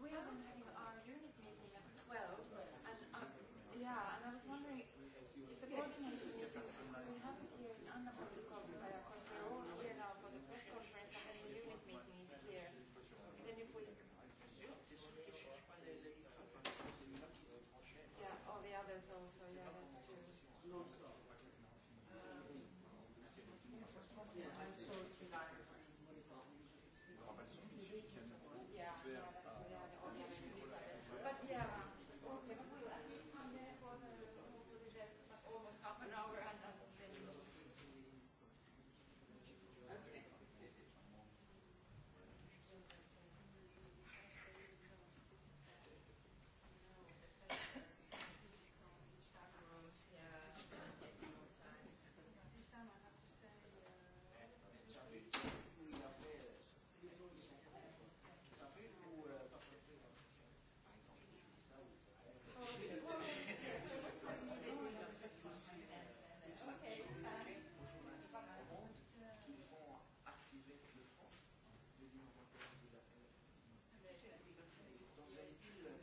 we have having our unit meeting at 12, and yeah, and I was wondering, is the coordinators meeting, we have it here in Anna Politkovskaya, because we're all here now for the press conference, and the unit meeting is here. Then if we... Yeah, all the others also, yeah, that's true. Um, yeah, I saw it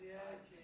Yeah,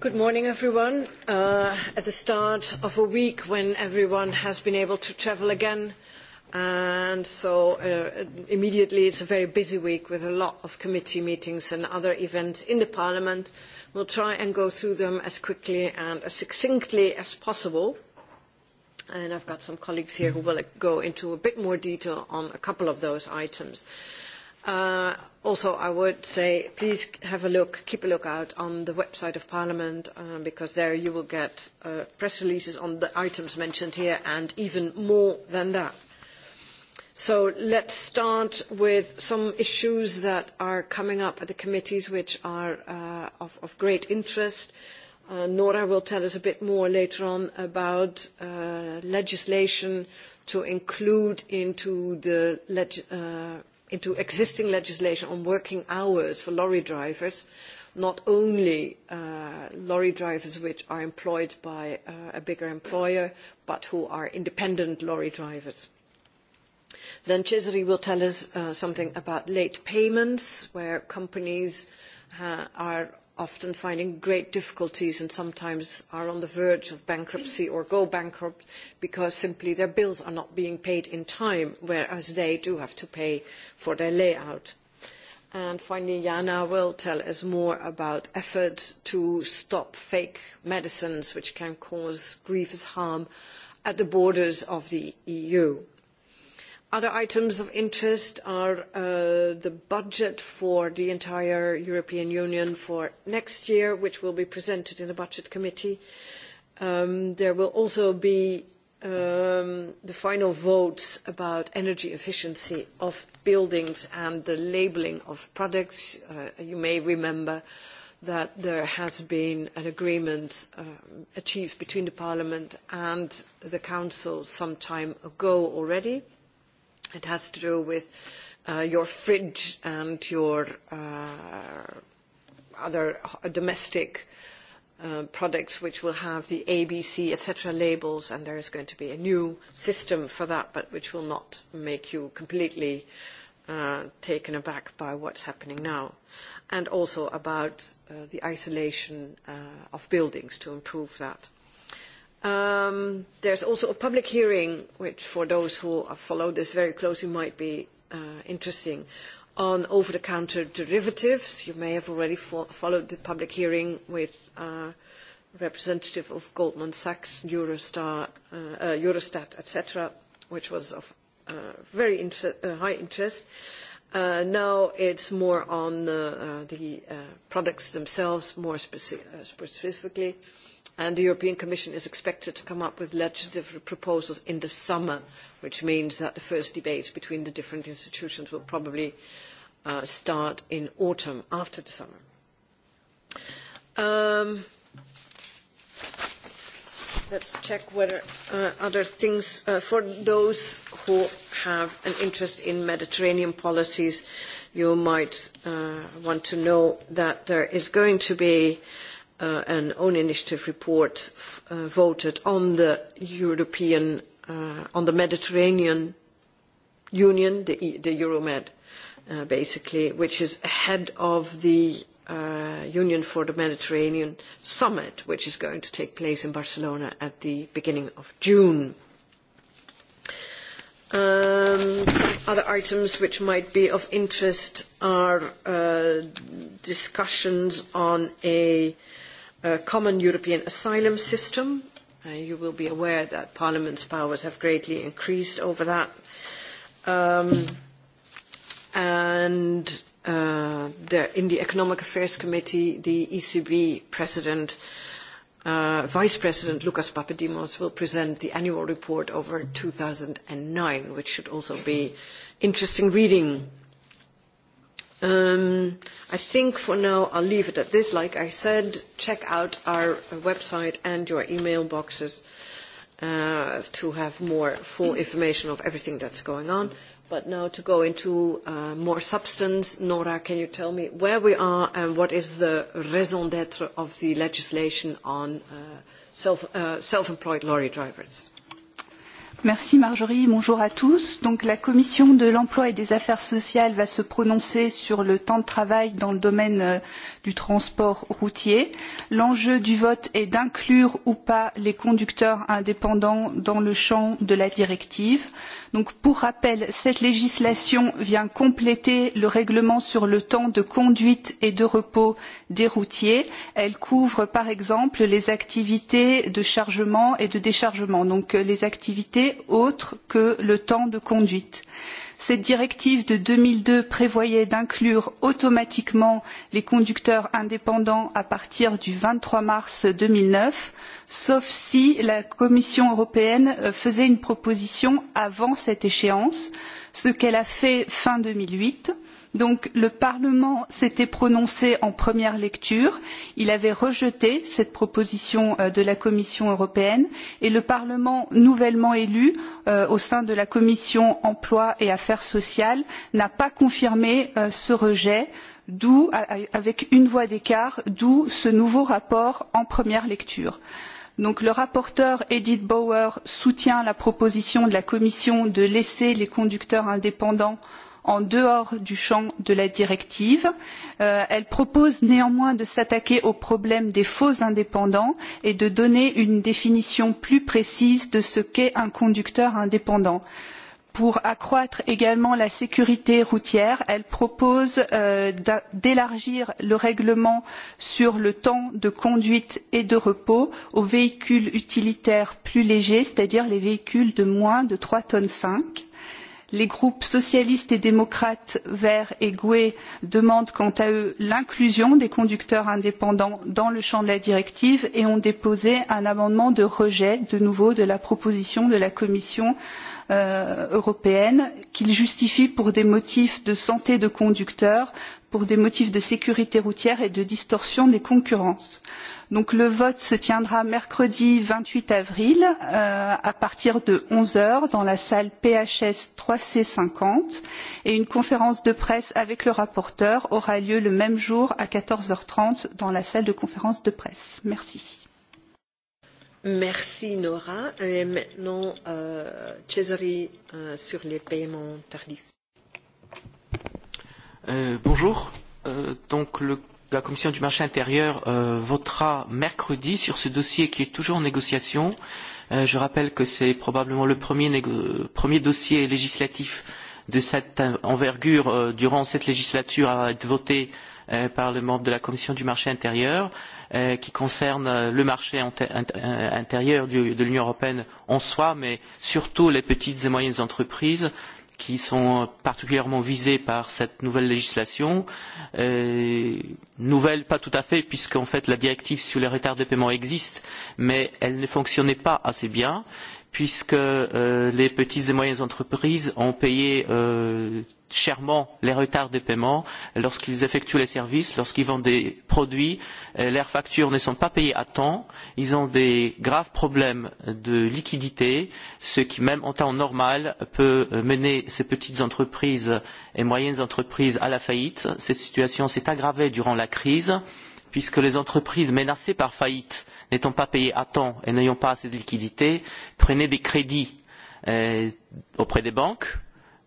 Good morning, everyone. At the start of a week when everyone has been able to travel again, and so immediately it's a very busy week with a lot of committee meetings and other events in the Parliament. We'll try and go through them as quickly and as succinctly as possible. And I've got some colleagues here who will go into a bit more detail on a couple of those items. Also, I would say please have a look, keep a look out on the website of Parliament, because there you will get press releases on the items mentioned here and even more than that. So let's start with some issues that are coming up at the committees, which are of great interest. Nora will tell us a bit more later on about legislation to include into the into existing legislation on working hours for lorry drivers, not only lorry drivers which are employed by a bigger employer, but who are independent lorry drivers. Then Cesare will tell us something about late payments, where companies are often finding great difficulties and sometimes are on the verge of bankruptcy or go bankrupt because simply their bills are not being paid in time, whereas they do have to pay for their layout. And finally, Jana will tell us more about efforts to stop fake medicines which can cause grievous harm at the borders of the EU. Other items of interest are the budget for the entire European Union for next year, which will be presented in the Budget Committee. There will also be the final votes about energy efficiency of buildings and the labelling of products. You may remember that there has been an agreement achieved between Parliament and the Council some time ago already It has to do with your fridge and your other domestic products which will have the ABC, etc. labels, and there is going to be a new system for that, but which will not make you completely taken aback by what's happening now. And also about the isolation of buildings to improve that. There's also a public hearing, which for those who have followed this very closely might be interesting, on over-the-counter derivatives. You may have already followed the public hearing with a representative of Goldman Sachs, Eurostat, etc., which was of very high interest. Now it's more on the products themselves, more specifically and the European Commission is expected to come up with legislative proposals in the summer, which means that the first debate between the different institutions will probably start in autumn, after the summer. Let's check whether other things for those who have an interest in Mediterranean policies, you might want to know that there is going to be an own initiative report voted on the European, on the Mediterranean Union, the Euromed, basically, which is ahead of the Union for the Mediterranean Summit, which is going to take place in Barcelona at the beginning of June. Other items which might be of interest are discussions on a common European asylum system. You will be aware that Parliament's powers have greatly increased over that. And in the Economic Affairs Committee, the ECB President, Vice President Lucas Papadimos will present the annual report over 2009, which should also be interesting reading. I think for now I'll leave it at this. Like I said, check out our website and your email boxes to have more full information of everything that's going on. But now to go into more substance, Nora, can you tell me where we are and what is the raison d'être of the legislation on self-employed lorry drivers? Merci Marjorie, bonjour à tous. Donc la commission de l'emploi et des affaires sociales va se prononcer sur le temps de travail dans le domaine du transport routier. L'enjeu du vote est d'inclure ou pas les conducteurs indépendants dans le champ de la directive. Donc pour rappel, cette législation vient compléter le règlement sur le temps de conduite et de repos des routiers. Elle couvre par exemple les activités de chargement et de déchargement, donc les activités autres que le temps de conduite. Cette directive de deux mille deux prévoyait d'inclure automatiquement les conducteurs indépendants à partir du vingt trois mars deux mille neuf, sauf si la Commission européenne faisait une proposition avant cette échéance, ce qu'elle a fait fin deux mille huit. Donc le Parlement s'était prononcé en première lecture, il avait rejeté cette proposition de la Commission européenne et le Parlement nouvellement élu au sein de la Commission emploi et affaires sociales n'a pas confirmé ce rejet, d'où avec une voix d'écart, d'où ce nouveau rapport en première lecture. Donc le rapporteur Edith Bauer soutient la proposition de la Commission de laisser les conducteurs indépendants en dehors du champ de la directive. Elle propose néanmoins de s'attaquer au problème des faux indépendants et de donner une définition plus précise de ce qu'est un conducteur indépendant. Pour accroître également la sécurité routière, elle propose d'élargir le règlement sur le temps de conduite et de repos aux véhicules utilitaires plus légers, c'est-à-dire les véhicules de moins de 3,5 tonnes les groupes socialistes et démocrates verts et gue demandent quant à eux l'inclusion des conducteurs indépendants dans le champ de la directive et ont déposé un amendement de rejet de nouveau de la proposition de la commission européenne qu'il justifie pour des motifs de santé de conducteurs pour des motifs de sécurité routière et de distorsion des concurrences. le vote se tiendra mercredi vingt huit avril à partir de onze heures dans la salle phs trois c cinquante et une conférence de presse avec le rapporteur aura lieu le même jour à quatorze heures trente dans la salle de conférence de presse. merci. Merci Nora. Et maintenant, euh, sur les paiements tardifs. bonjour. donc le, la Commission du marché intérieur votera mercredi sur ce dossier qui est toujours en négociation. je rappelle que c'est probablement le premier, premier dossier législatif de cette envergure durant cette législature à être voté par le membre de la commission du marché intérieur qui concerne le marché intérieur de l'Union européenne en soi, mais surtout les petites et moyennes entreprises qui sont particulièrement visées par cette nouvelle législation. Nouvelle, pas tout à fait, puisqu'en fait la directive sur les retards de paiement existe, mais elle ne fonctionnait pas assez bien puisque les petites et moyennes entreprises ont payé chèrement les retards de paiement lorsqu'ils effectuent les services, lorsqu'ils vendent des produits, leurs factures ne sont pas payées à temps, ils ont des graves problèmes de liquidité, ce qui même en temps normal peut mener ces petites entreprises et moyennes entreprises à la faillite. Cette situation s'est aggravée durant la crise puisque les entreprises menacées par faillite, n'étant pas payées à temps et n'ayant pas assez de liquidités, prenaient des crédits auprès des banques.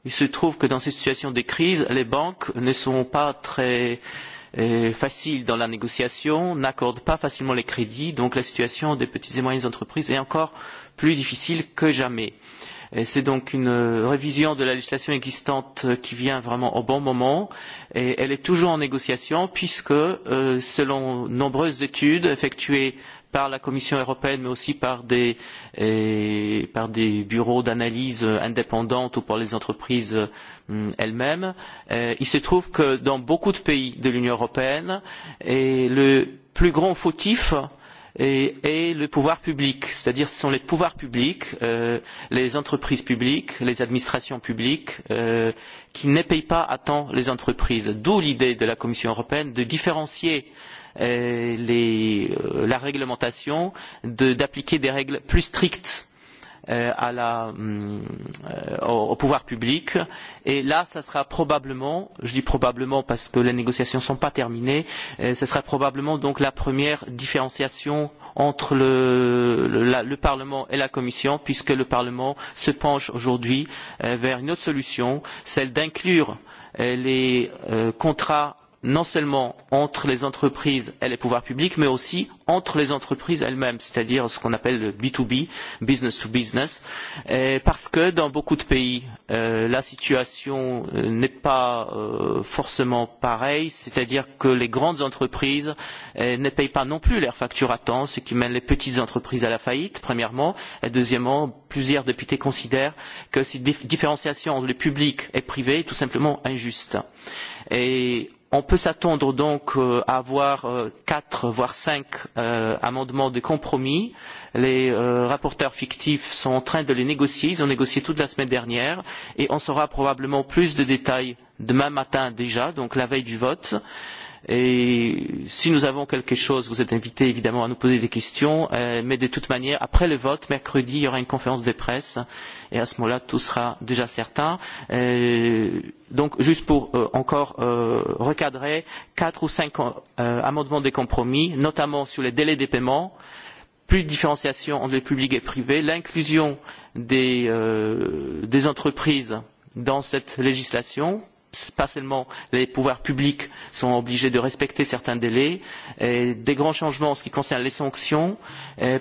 Il se trouve que dans ces situations de crise, les banques ne sont pas très faciles dans la négociation, n'accordent pas facilement les crédits, donc la situation des petites et moyennes entreprises est encore plus difficile que jamais. C'est donc une révision de la législation existante qui vient vraiment au bon moment et elle est toujours en négociation puisque, selon nombreuses études effectuées par la Commission européenne mais aussi par des bureaux d'analyse indépendants ou par les entreprises elles-mêmes, il se trouve que dans beaucoup de pays de l'Union européenne, le plus grand fautif et le pouvoir public c'est à dire ce sont les pouvoirs publics les entreprises publiques les administrations publiques qui ne payent pas à temps les entreprises d'où l'idée de la commission européenne de différencier la réglementation d'appliquer des règles plus strictes au pouvoir public. Et là, ça sera probablement, je dis probablement parce que les négociations ne sont pas terminées, ce sera probablement donc la première différenciation entre le Parlement et la Commission, puisque le Parlement se penche aujourd'hui vers une autre solution, celle d'inclure les contrats non seulement entre les entreprises et les pouvoirs publics, mais aussi entre les entreprises elles-mêmes, c'est-à-dire ce qu'on appelle le B2B, business to business, parce que dans beaucoup de pays, la situation n'est pas forcément pareille, c'est-à-dire que les grandes entreprises ne payent pas non plus leurs factures à temps, ce qui mène les petites entreprises à la faillite, premièrement, et deuxièmement, plusieurs députés considèrent que cette différenciation entre le public et le privé est tout simplement injuste. Et On peut s'attendre donc à avoir quatre, voire cinq amendements de compromis. Les rapporteurs fictifs sont en train de les négocier. Ils ont négocié toute la semaine dernière et on saura probablement plus de détails demain matin déjà, donc la veille du vote Et si nous avons quelque chose, vous êtes invité évidemment à nous poser des questions, mais de toute manière, après le vote, mercredi, il y aura une conférence de presse, et à ce moment-là, tout sera déjà certain. Donc, juste pour encore recadrer, quatre ou cinq amendements de compromis, notamment sur les délais des paiements, plus de différenciation entre le public et le privé, l'inclusion des entreprises dans cette législation pas seulement les pouvoirs publics sont obligés de respecter certains délais, des grands changements en ce qui concerne les sanctions,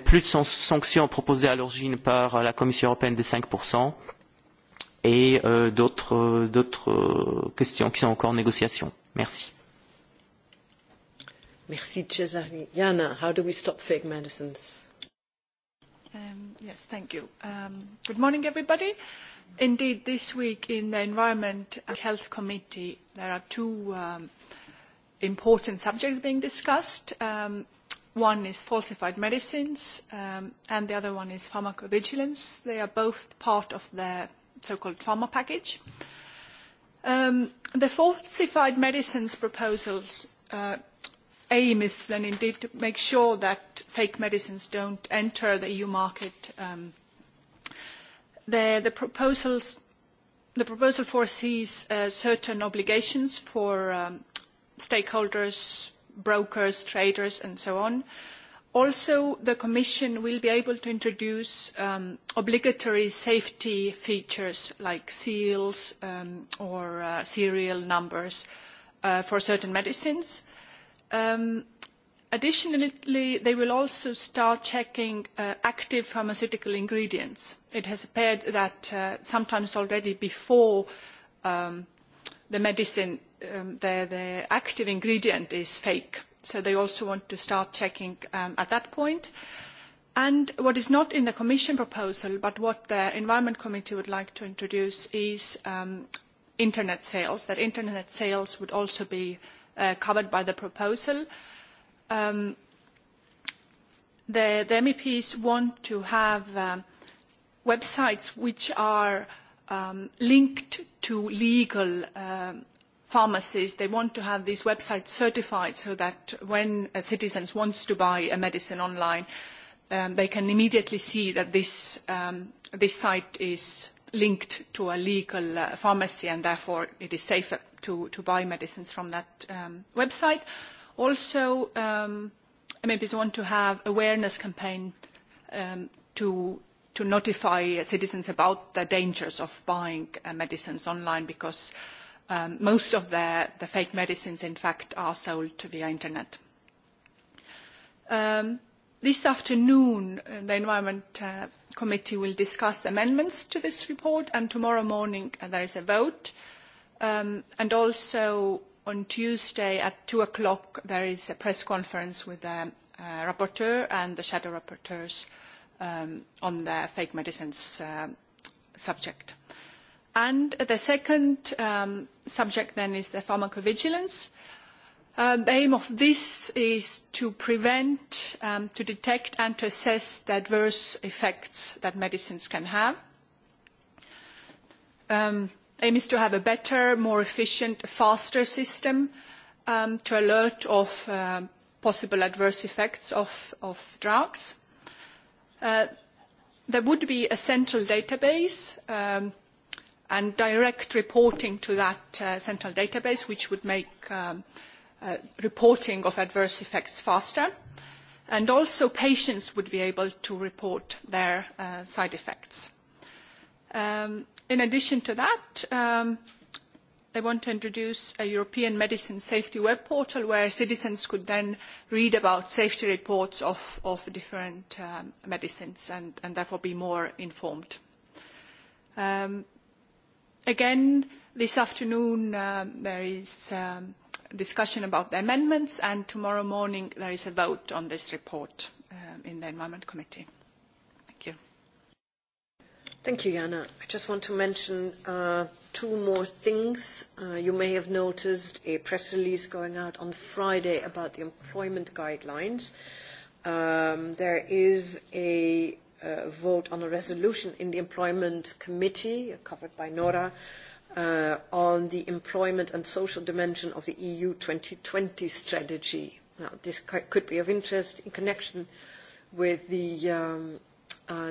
plus de sanctions proposées à l'origine par la Commission européenne des 5% et d'autres questions qui sont encore en négociation. Merci. Merci, how do we fake medicines? Yes, thank Good morning, everybody. Indeed, this week in the Environment and Health Committee, there are two important subjects being discussed. One is falsified medicines and the other one is pharmacovigilance. They are both part of the so-called pharma package. The falsified medicines proposals aim is then indeed to make sure that fake medicines don't enter the EU market The proposal foresees certain obligations for stakeholders, brokers, traders and so on. Also, the Commission will be able to introduce obligatory safety features like seals or serial numbers for certain medicines. Additionally, they will also start checking active pharmaceutical ingredients. It has appeared that sometimes already before the medicine, the active ingredient is fake. So they also want to start checking at that point. And what is not in the Commission proposal, but what the Environment Committee would like to introduce, is internet sales. That internet sales would also be covered by the proposal The MEPs want to have websites which are linked to legal pharmacies. They want to have these websites certified so that when a citizen wants to buy a medicine online, they can immediately see that this site is linked to a legal pharmacy and therefore it is safer to buy medicines from that website. Also, MEPs want to have awareness campaign to to notify citizens about the dangers of buying medicines online because most of the fake medicines, in fact, are sold via Internet. This afternoon, the Environment Committee will discuss amendments to this report, and tomorrow morning there is a vote. And also on Tuesday at 2 o'clock there is a press conference with the rapporteur and the shadow rapporteurs on the fake medicines subject. And the second subject then is the pharmacovigilance. The aim of this is to prevent, to detect and to assess the adverse effects that medicines can have aim is to have a better, more efficient, faster system to alert of possible adverse effects of drugs. There would be a central database and direct reporting to that central database, which would make reporting of adverse effects faster. And also patients would be able to report their side effects. In addition to that, they want to introduce a European medicine safety web portal where citizens could then read about safety reports of different medicines and therefore be more informed. Again, this afternoon there is discussion about the amendments and tomorrow morning there is a vote on this report in the Environment Committee. Thank you. Thank you, Jana. I just want to mention two more things. You may have noticed a press release going out on Friday about the employment guidelines. There is a vote on a resolution in the Employment Committee, covered by Nora, on the employment and social dimension of the EU 2020 strategy. Now, this could be of interest in connection with the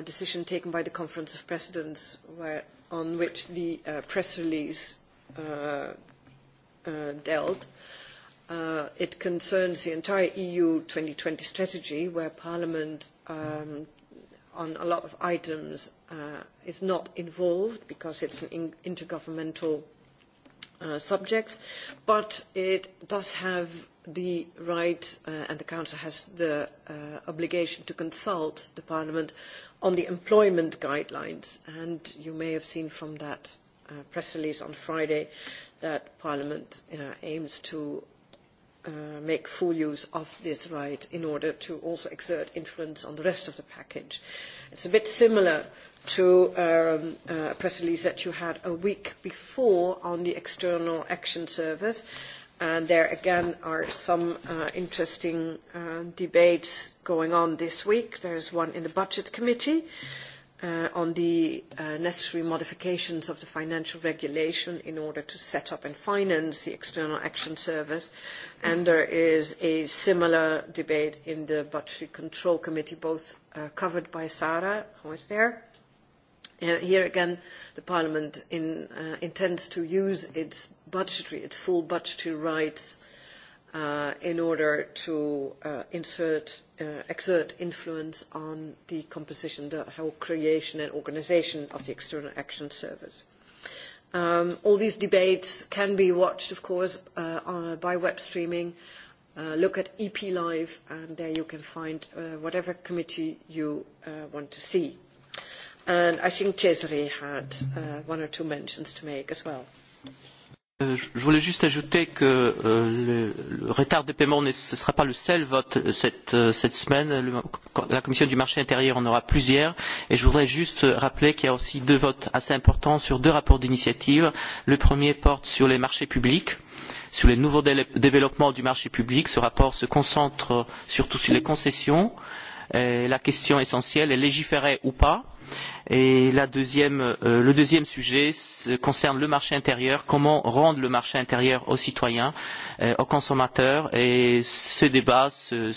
decision taken by the Conference of Presidents on which the press release dealt. It concerns the entire EU 2020 strategy where Parliament on a lot of items is not involved because it's an intergovernmental subject, but it does have the right and the Council has the obligation to consult the Parliament on the employment guidelines. And you may have seen from that press release on Friday that Parliament aims to make full use of this right in order to also exert influence on the rest of the package. It's a bit similar to a press release that you had a week before on the External Action Service and there again are some interesting debates going on this week. There is one in the Budget Committee on the necessary modifications of the financial regulation in order to set up and finance the External Action Service, and there is a similar debate in the Budgetary Control Committee, both covered by Sara, who is there. Here again, the Parliament intends to use its budgetary, its full budgetary rights in order to insert, exert influence on the composition, the whole creation and organisation of the External Action Service. All these debates can be watched, of course, by web streaming. Look at EP Live, and there you can find whatever committee you want to see. And I think Cesare had one or two mentions to make as well. Je voulais juste ajouter que le retard de paiement ne sera pas le seul vote cette semaine. La Commission du marché intérieur en aura plusieurs. Et je voudrais juste rappeler qu'il y a aussi deux votes assez importants sur deux rapports d'initiative. Le premier porte sur les marchés publics, sur les nouveaux développements du marché public. Ce rapport se concentre surtout sur les concessions la question essentielle est légiférer ou pas. Et la deuxième, le deuxième sujet concerne le marché intérieur, comment rendre le marché intérieur aux citoyens, aux consommateurs. Et ce débat se,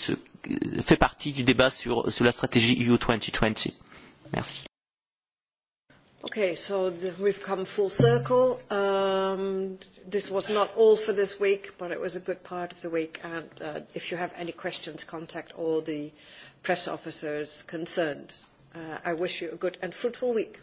fait partie du débat sur, sur la stratégie EU 2020. Merci. Okay, so we've come full circle. Um, this was not all for this week, but it was a good part of the week. And uh, if you have any questions, contact all the press officers concerned. I wish you a good and fruitful week.